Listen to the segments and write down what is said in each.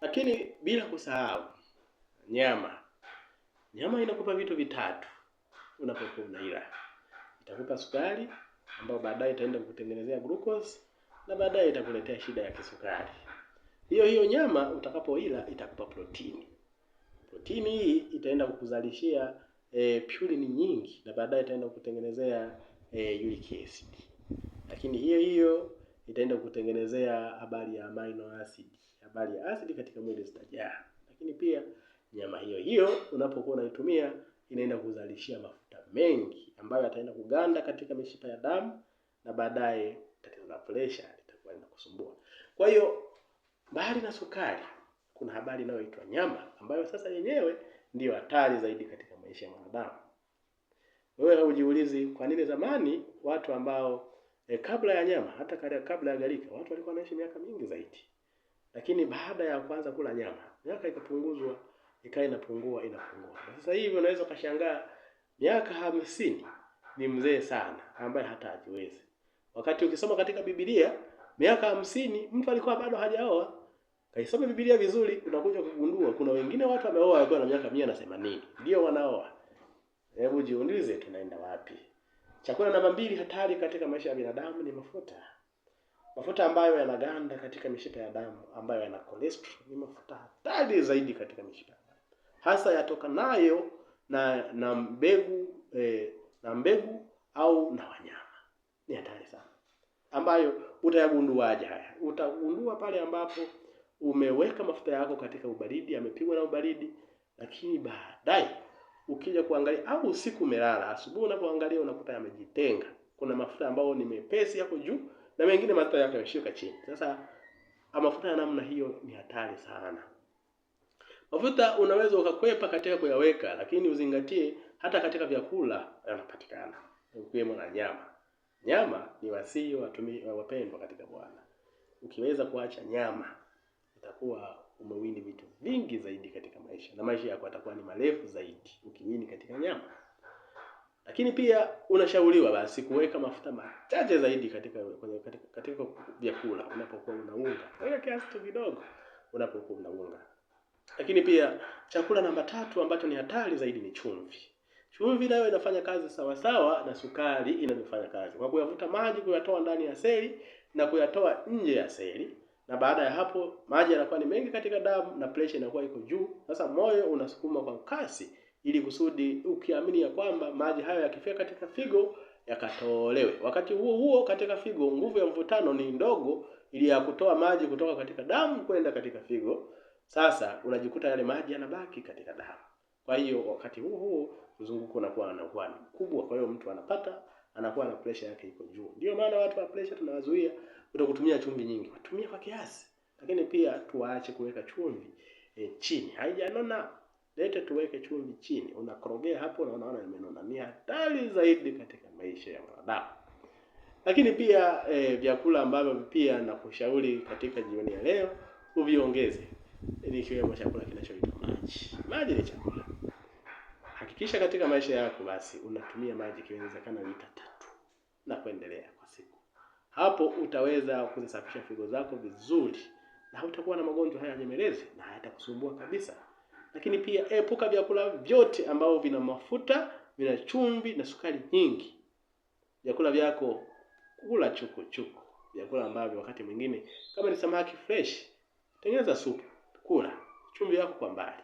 Lakini bila kusahau nyama. Nyama inakupa vitu vitatu unapokuwa unaila. Itakupa sukari ambayo baadaye itaenda kukutengenezea glucose na baadaye itakuletea shida ya kisukari. Hiyo hiyo nyama utakapoila itakupa protini. Protini hii itaenda kukuzalishia e, purine nyingi na baadaye itaenda kukutengenezea e, uric acid. Lakini hiyo hiyo nitaenda kutengenezea habari ya amino acid. Habari ya acid katika mwili zitajaa, lakini pia nyama hiyo hiyo unapokuwa unaitumia inaenda kuzalishia mafuta mengi ambayo yataenda kuganda katika mishipa ya damu na baadaye tatizo la presha litakuwa kusumbua. Kwa hiyo mbali na sukari, kuna habari inayoitwa nyama ambayo sasa yenyewe ndiyo hatari zaidi katika maisha ya mwanadamu. Wewe haujiulizi kwa nini zamani watu ambao E, kabla ya nyama hata kabla ya gharika watu walikuwa wanaishi miaka mingi zaidi, lakini baada ya kuanza kula nyama miaka ikapunguzwa ikawa inapungua inapungua. Sasa hivi unaweza ukashangaa miaka hamsini ni mzee sana ambaye hata hajiwezi, wakati ukisoma katika Biblia miaka hamsini mtu alikuwa bado hajaoa. Kaisoma Biblia vizuri, unakuja kugundua kuna wengine watu wameoa wakiwa na miaka mia na themanini ndio wanaoa. Hebu jiulize tunaenda wapi? Chakula namba mbili hatari katika maisha ya binadamu ni mafuta. Mafuta ambayo yanaganda katika mishipa ya damu ambayo yana cholesterol ni mafuta hatari zaidi katika mishipa ya damu, hasa yatokanayo na na mbegu eh, na mbegu au na wanyama. Ni hatari sana, ambayo utayagunduaje haya? Utagundua pale ambapo umeweka mafuta yako katika ubaridi, yamepigwa na ubaridi, lakini baadaye ukija kuangalia au usiku umelala, asubuhi unapoangalia unakuta yamejitenga. Kuna mafuta ambayo ni mepesi yako juu na mengine mafuta yake yameshuka chini. Sasa ah, mafuta ya namna hiyo ni hatari sana. Mafuta unaweza ukakwepa katika kuyaweka, lakini uzingatie hata katika vyakula yanapatikana, ukiwemo na nyama. Nyama ni wasii watumi wapendwa katika Bwana. Ukiweza kuacha nyama itakuwa umewini vitu vingi zaidi katika maisha, na maisha yako atakuwa ni marefu zaidi ukiwini katika nyama. Lakini pia unashauriwa basi kuweka mafuta machache zaidi katika kwenye katika, katika vyakula unapokuwa unaunga, weka kiasi tu kidogo unapokuwa unaunga. Lakini pia chakula namba tatu ambacho ni hatari zaidi ni chumvi. Chumvi nayo inafanya kazi sawasawa sawa na sukari inavyofanya kazi kwa kuyavuta maji, kuyatoa ndani ya seli na kuyatoa nje ya seli na baada ya hapo maji yanakuwa ni mengi katika damu na pressure inakuwa iko juu. Sasa moyo unasukuma kwa kasi, ili kusudi ukiamini ya kwamba maji hayo yakifika katika figo yakatolewe. Wakati huo huo, katika figo nguvu ya mvutano ni ndogo, ili ya kutoa maji kutoka katika damu kwenda katika figo. Sasa unajikuta yale maji yanabaki katika damu. Kwa hiyo wakati huo huo mzunguko unakuwa unakuwa mkubwa, kwa hiyo mtu anapata anakuwa na pressure yake iko juu. Ndio maana watu wa pressure tunawazuia kutokutumia chumvi nyingi, watumie kwa kiasi, lakini pia tuwaache kuweka chumvi e, chini. Haijanona, lete tuweke chumvi chini, unakorogea hapo na unaona imenona. Ni hatari zaidi katika maisha ya mwanadamu. Lakini pia e, vyakula ambavyo pia nakushauri katika jioni ya leo uviongeze, ikiwemo chakula kinachoitwa maji. Maji ni chakula kisha katika maisha yako basi unatumia maji kiwezekana lita tatu na kuendelea kwa siku. Hapo utaweza kuzisafisha figo zako vizuri na hutakuwa na magonjwa haya nyemelezi na hayatakusumbua kabisa. Lakini pia epuka vyakula vyote ambavyo vina mafuta, vina chumvi na sukari nyingi. Vyakula vyako kula chuku, vyakula ambavyo wakati mwingine kama ni samaki fresh, tengeneza supu, kula chumvi yako kwa mbali.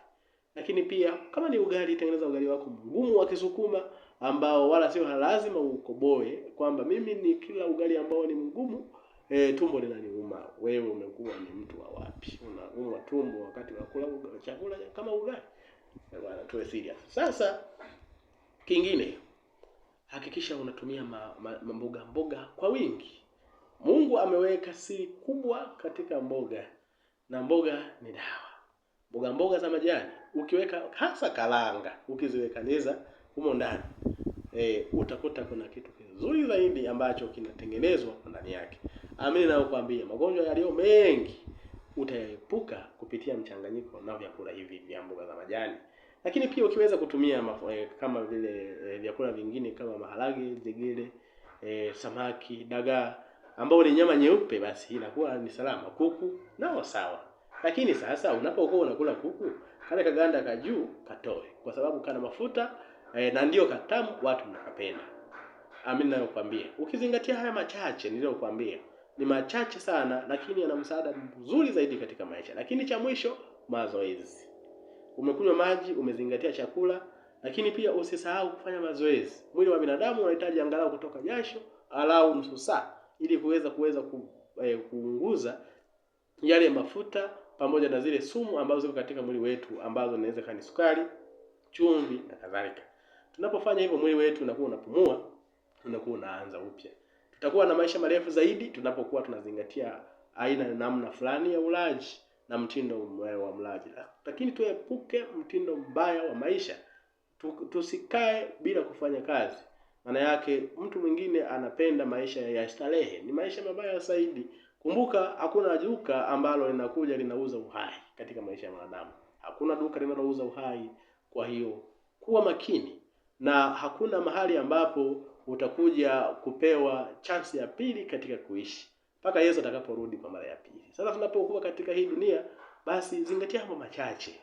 Lakini pia kama ni ugali, tengeneza ugali wako mgumu wa Kisukuma ambao wala sio lazima ukoboe, kwamba mimi ni kila ugali ambao ni mgumu e, tumbo linaniuma. Wewe umekuwa ni mtu wa wapi? Unaumwa tumbo wakati wa kula chakula kama ugali? Eh, bwana, tuwe serious sasa. Kingine, hakikisha unatumia ma, ma, mboga mboga kwa wingi. Mungu ameweka siri kubwa katika mboga na mboga ni dawa mboga mboga za majani ukiweka hasa kalanga, ukiziwekaniza humo ndani e, utakuta kuna kitu kizuri zaidi ambacho kinatengenezwa ndani yake. Amini nayokwambia, magonjwa yaliyo mengi utayaepuka kupitia mchanganyiko na vyakula hivi vya mboga za majani, lakini pia ukiweza kutumia mafo, e, kama vile e, vyakula vingine kama maharage, jegele, e, samaki, dagaa ambao ni nyama nyeupe, basi inakuwa ni salama. Kuku nao sawa. Lakini sasa unapokuwa unakula kuku, kale kaganda ka juu katoe, kwa sababu kana mafuta eh, na ndio katamu, watu mnakapenda. Amini nayokwambia, ukizingatia haya machache niliyokwambia, ni machache sana, lakini yana msaada mzuri zaidi katika maisha. Lakini cha mwisho, mazoezi. Umekunywa maji, umezingatia chakula, lakini pia usisahau kufanya mazoezi. Mwili wa binadamu unahitaji angalau kutoka jasho alau nusu saa ili kuweza kuweza kupunguza eh, yale mafuta pamoja na zile sumu ambazo ziko katika mwili wetu ambazo inaweza kani sukari, chumvi na kadhalika. Tunapofanya hivyo, mwili wetu unakuwa unapumua, unakuwa unaanza upya. Tutakuwa na maisha marefu zaidi tunapokuwa tunazingatia aina namna fulani ya ulaji na mtindo mbaya wa mlaji, lakini tuepuke mtindo mbaya wa maisha. Tusikae bila kufanya kazi. Maana yake mtu mwingine anapenda maisha ya starehe, ni maisha mabaya zaidi. Kumbuka hakuna duka ambalo linakuja linauza uhai katika maisha ya mwanadamu. Hakuna duka linalouza uhai. Kwa hiyo kuwa makini, na hakuna mahali ambapo utakuja kupewa chance ya pili katika kuishi mpaka Yesu atakaporudi kwa mara ya pili. Sasa tunapokuwa katika hii dunia, basi zingatia mambo machache.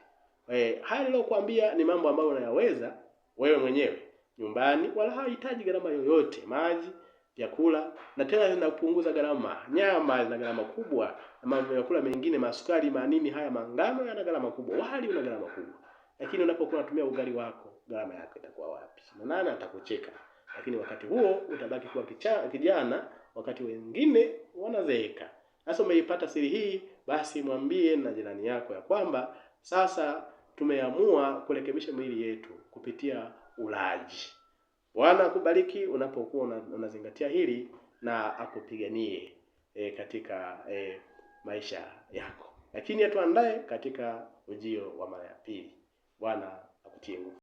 E, haya niliyokuambia ni mambo ambayo unayaweza wewe mwenyewe nyumbani, wala hahitaji gharama yoyote, maji vyakula na tena kupunguza gharama. Nyama zina gharama kubwa na vyakula mengine masukari, manini haya mangano yana gharama kubwa, wali una gharama kubwa. Lakini unapokuwa unatumia ugali wako, gharama yako itakuwa wapi? Na nani atakucheka? Lakini wakati huo utabaki kuwa kijana wakati wengine wanazeeka. Sasa umeipata siri hii, basi mwambie na jirani yako ya kwamba sasa tumeamua kurekebisha miili yetu kupitia ulaji. Bwana akubariki unapokuwa unazingatia hili na akupiganie e, katika e, maisha yako, lakini atuandae katika ujio wa mara ya pili. Bwana akutie nguvu.